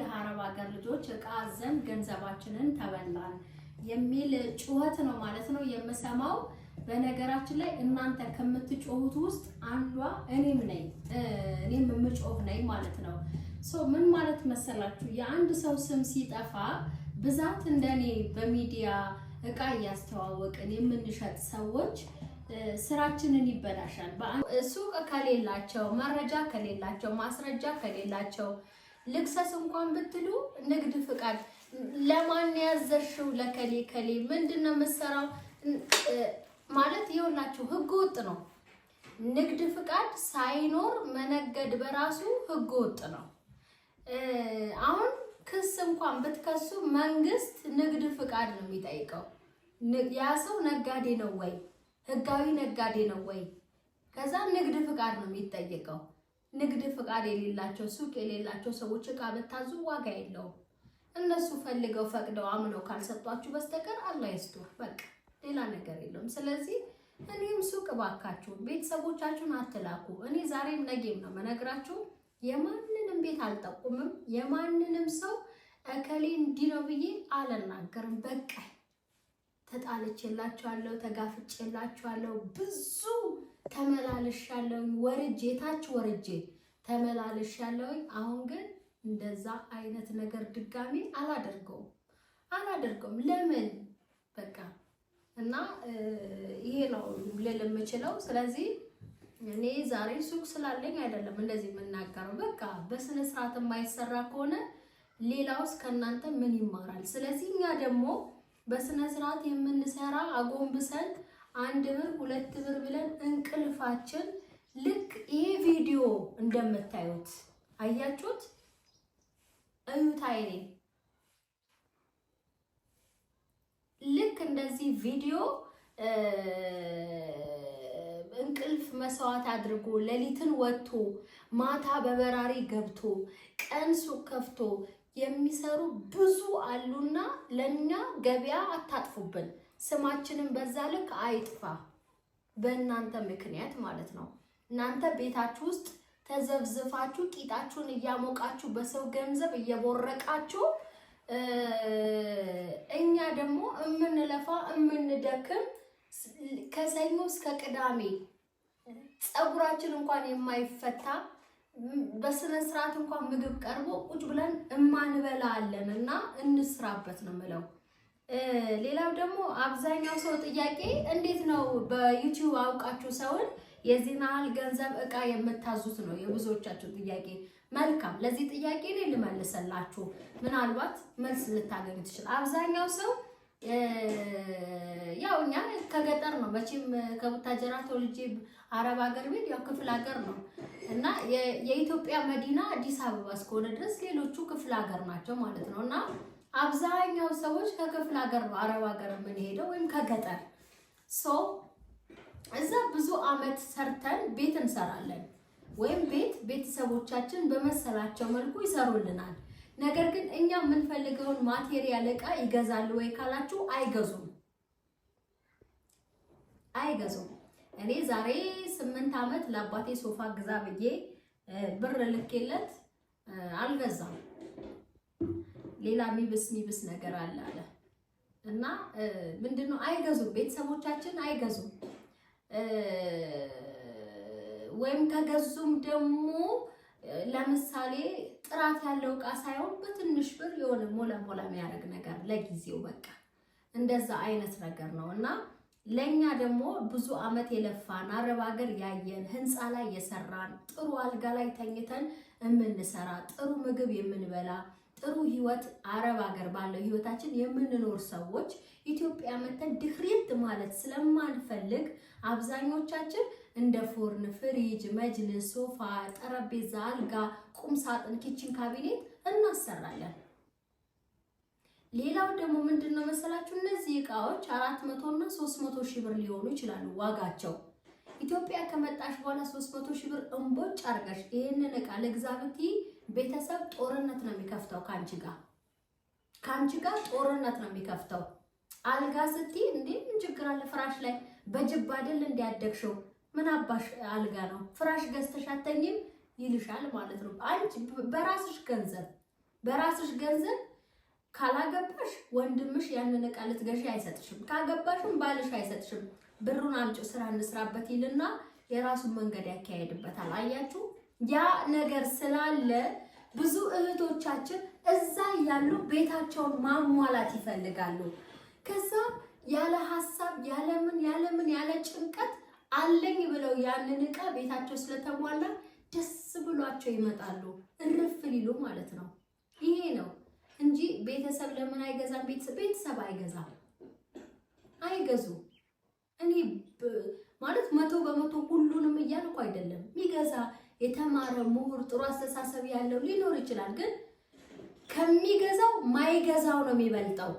የሀረብ ሀገር ልጆች እቃ አዘን ገንዘባችንን ተበላን የሚል ጩኸት ነው ማለት ነው የምሰማው። በነገራችን ላይ እናንተ ከምትጮሁት ውስጥ አንዷ እኔም ነኝ፣ እኔም የምጮህ ነኝ ማለት ነው። ምን ማለት መሰላችሁ? የአንድ ሰው ስም ሲጠፋ ብዛት እንደኔ በሚዲያ እቃ እያስተዋወቅን የምንሸጥ ሰዎች ስራችንን ይበላሻል። ሱቅ ከሌላቸው፣ መረጃ ከሌላቸው፣ ማስረጃ ከሌላቸው ልክሰስ እንኳን ብትሉ ንግድ ፍቃድ ለማን ያዘሽው? ለከሌ ከሌ ምንድን ነው የምትሰራው? ማለት ይኸውላችሁ ህገ ወጥ ነው። ንግድ ፍቃድ ሳይኖር መነገድ በራሱ ህገ ወጥ ነው። አሁን ክስ እንኳን ብትከሱ መንግስት ንግድ ፍቃድ ነው የሚጠይቀው። ያ ሰው ነጋዴ ነው ወይ ህጋዊ ነጋዴ ነው ወይ? ከዛ ንግድ ፍቃድ ነው የሚጠይቀው። ንግድ ፍቃድ የሌላቸው ሱቅ የሌላቸው ሰዎች እቃ ብታዙ ዋጋ የለውም። እነሱ ፈልገው ፈቅደው አምነው ካልሰጧችሁ በስተቀር አላህ ይስጥህ፣ በቃ ሌላ ነገር የለውም። ስለዚህ እኔም ሱቅ እባካችሁ ቤተሰቦቻችሁን አትላኩ። እኔ ዛሬም ነገም ነው መነግራችሁ። የማንንም ቤት አልጠቁምም። የማንንም ሰው እከሌ እንዲህ ነው ብዬ አልናገርም። በቃ ተጣልቼላችኋለሁ፣ ተጋፍጬላችኋለሁ ብዙ ተመላልሻለሁኝ፣ ወርጄ ታች ወርጄ ተመላልሻለሁኝ። አሁን ግን እንደዛ አይነት ነገር ድጋሚ አላደርገውም አላደርገውም። ለምን በቃ እና ይሄ ነው ልል የምችለው። ስለዚህ እኔ ዛሬ ሱቅ ስላለኝ አይደለም እንደዚህ የምናገረው። በቃ በስነ ስርዓት የማይሰራ ከሆነ ሌላውስ ከእናንተ ምን ይማራል? ስለዚህ እኛ ደግሞ በስነ ስርዓት የምንሰራ አጎንብሰን አንድ ብር ሁለት ብር ብለን እንቅልፋችን ልክ ይሄ ቪዲዮ እንደምታዩት አያችሁት፣ እዩት አይኔ ልክ እንደዚህ ቪዲዮ እንቅልፍ መስዋዕት አድርጎ ሌሊትን ወጥቶ ማታ በበራሪ ገብቶ ቀን ሱቅ ከፍቶ የሚሰሩ ብዙ አሉና ለእኛ ገበያ አታጥፉብን። ስማችንም በዛ ልክ አይጥፋ በእናንተ ምክንያት ማለት ነው። እናንተ ቤታችሁ ውስጥ ተዘብዝፋችሁ ቂጣችሁን እያሞቃችሁ በሰው ገንዘብ እየቦረቃችሁ እኛ ደግሞ እምንለፋ እምንደክም ከሰኞ እስከ ቅዳሜ ጸጉራችን እንኳን የማይፈታ በስነ ስርዓት እንኳን ምግብ ቀርቦ ቁጭ ብለን እማንበላ አለን እና እንስራበት ነው የምለው። ሌላው ደግሞ አብዛኛው ሰው ጥያቄ እንዴት ነው በዩቲዩብ አውቃችሁ ሰውን የዚህን ያህል ገንዘብ እቃ የምታዙት ነው የብዙዎቻችሁ ጥያቄ። መልካም፣ ለዚህ ጥያቄ እኔ ልመልሰላችሁ፣ ምናልባት መልስ ልታገኙ ትችል። አብዛኛው ሰው ያው እኛ ከገጠር ነው መቼም ከቡታጀራ ተወልጄ አረብ ሀገር ቤት ያው ክፍለ ሀገር ነው እና የኢትዮጵያ መዲና አዲስ አበባ እስከሆነ ድረስ ሌሎቹ ክፍለ ሀገር ናቸው ማለት ነው እና አብዛኛው ሰዎች ከክፍለ ሀገር ነው አረብ ሀገር የምንሄደው ወይም ከገጠር ሶ እዛ ብዙ አመት ሰርተን ቤት እንሰራለን ወይም ቤት ቤተሰቦቻችን በመሰላቸው መልኩ ይሰሩልናል። ነገር ግን እኛ የምንፈልገውን ማቴሪያል እቃ ይገዛሉ ወይ ካላችሁ አይገዙም፣ አይገዙም። እኔ ዛሬ ስምንት አመት ለአባቴ ሶፋ ግዛ ብዬ ብር ልኬለት አልገዛም። ሌላ ሚብስ ሚብስ ነገር አለ አለ እና ምንድነው አይገዙም፣ ቤተሰቦቻችን አይገዙም። ወይም ከገዙም ደግሞ ለምሳሌ ጥራት ያለው እቃ ሳይሆን በትንሽ ብር የሆነ ሞላ ሞላ የሚያደርግ ነገር ለጊዜው በቃ እንደዛ አይነት ነገር ነው እና ለእኛ ደግሞ ብዙ አመት የለፋን አረብ ሀገር ያየን ህንፃ ላይ የሰራን ጥሩ አልጋ ላይ ተኝተን የምንሰራ ጥሩ ምግብ የምንበላ ጥሩ ህይወት አረብ ሀገር ባለው ህይወታችን የምንኖር ሰዎች ኢትዮጵያ መተን ድክሬት ማለት ስለማንፈልግ አብዛኞቻችን እንደ ፎርን፣ ፍሪጅ፣ መጅልስ፣ ሶፋ፣ ጠረጴዛ፣ አልጋ፣ ቁም ሳጥን፣ ኪችን ካቢኔት እናሰራለን። ሌላው ደግሞ ምንድን ነው መሰላችሁ እነዚህ እቃዎች አራት መቶ እና ሶስት መቶ ሺህ ብር ሊሆኑ ይችላሉ ዋጋቸው ኢትዮጵያ ከመጣሽ በኋላ 300 ሺህ ብር እንቦጭ አድርገሽ ይህንን ዕቃ ልግዛ ብትይ ቤተሰብ ጦርነት ነው የሚከፍተው ከአንቺ ጋር ከአንቺ ጋር ጦርነት ነው የሚከፍተው። አልጋ ስትይ እንዴ ምን ችግር አለ? ፍራሽ ላይ በጅብ አይደል እንዲያደግሽው ምን አባሽ አልጋ ነው ፍራሽ ገዝተሽ አተኝም ይልሻል ማለት ነው። አንቺ በራስሽ ገንዘብ በራስሽ ገንዘብ ካላገባሽ ወንድምሽ ያንን ዕቃ ልትገዢ አይሰጥሽም። ካገባሽም ባልሽ አይሰጥሽም። ብሩን አምጪው ስራ እንስራበት ይልና የራሱን መንገድ ያካሄድበታል። አያችሁ፣ ያ ነገር ስላለ ብዙ እህቶቻችን እዛ ያሉ ቤታቸውን ማሟላት ይፈልጋሉ። ከዛ ያለ ሀሳብ ያለምን ያለምን ያለ ጭንቀት አለኝ ብለው ያንን እቃ ቤታቸው ስለተሟላ ደስ ብሏቸው ይመጣሉ፣ እርፍ ሊሉ ማለት ነው። ይሄ ነው እንጂ ቤተሰብ ለምን አይገዛም? ቤተሰብ አይገዛም፣ አይገዙ እኔ ማለት መቶ በመቶ ሁሉንም እያልኩ አይደለም። የሚገዛ የተማረ ምሁር፣ ጥሩ አስተሳሰብ ያለው ሊኖር ይችላል። ግን ከሚገዛው ማይገዛው ነው የሚበልጠው።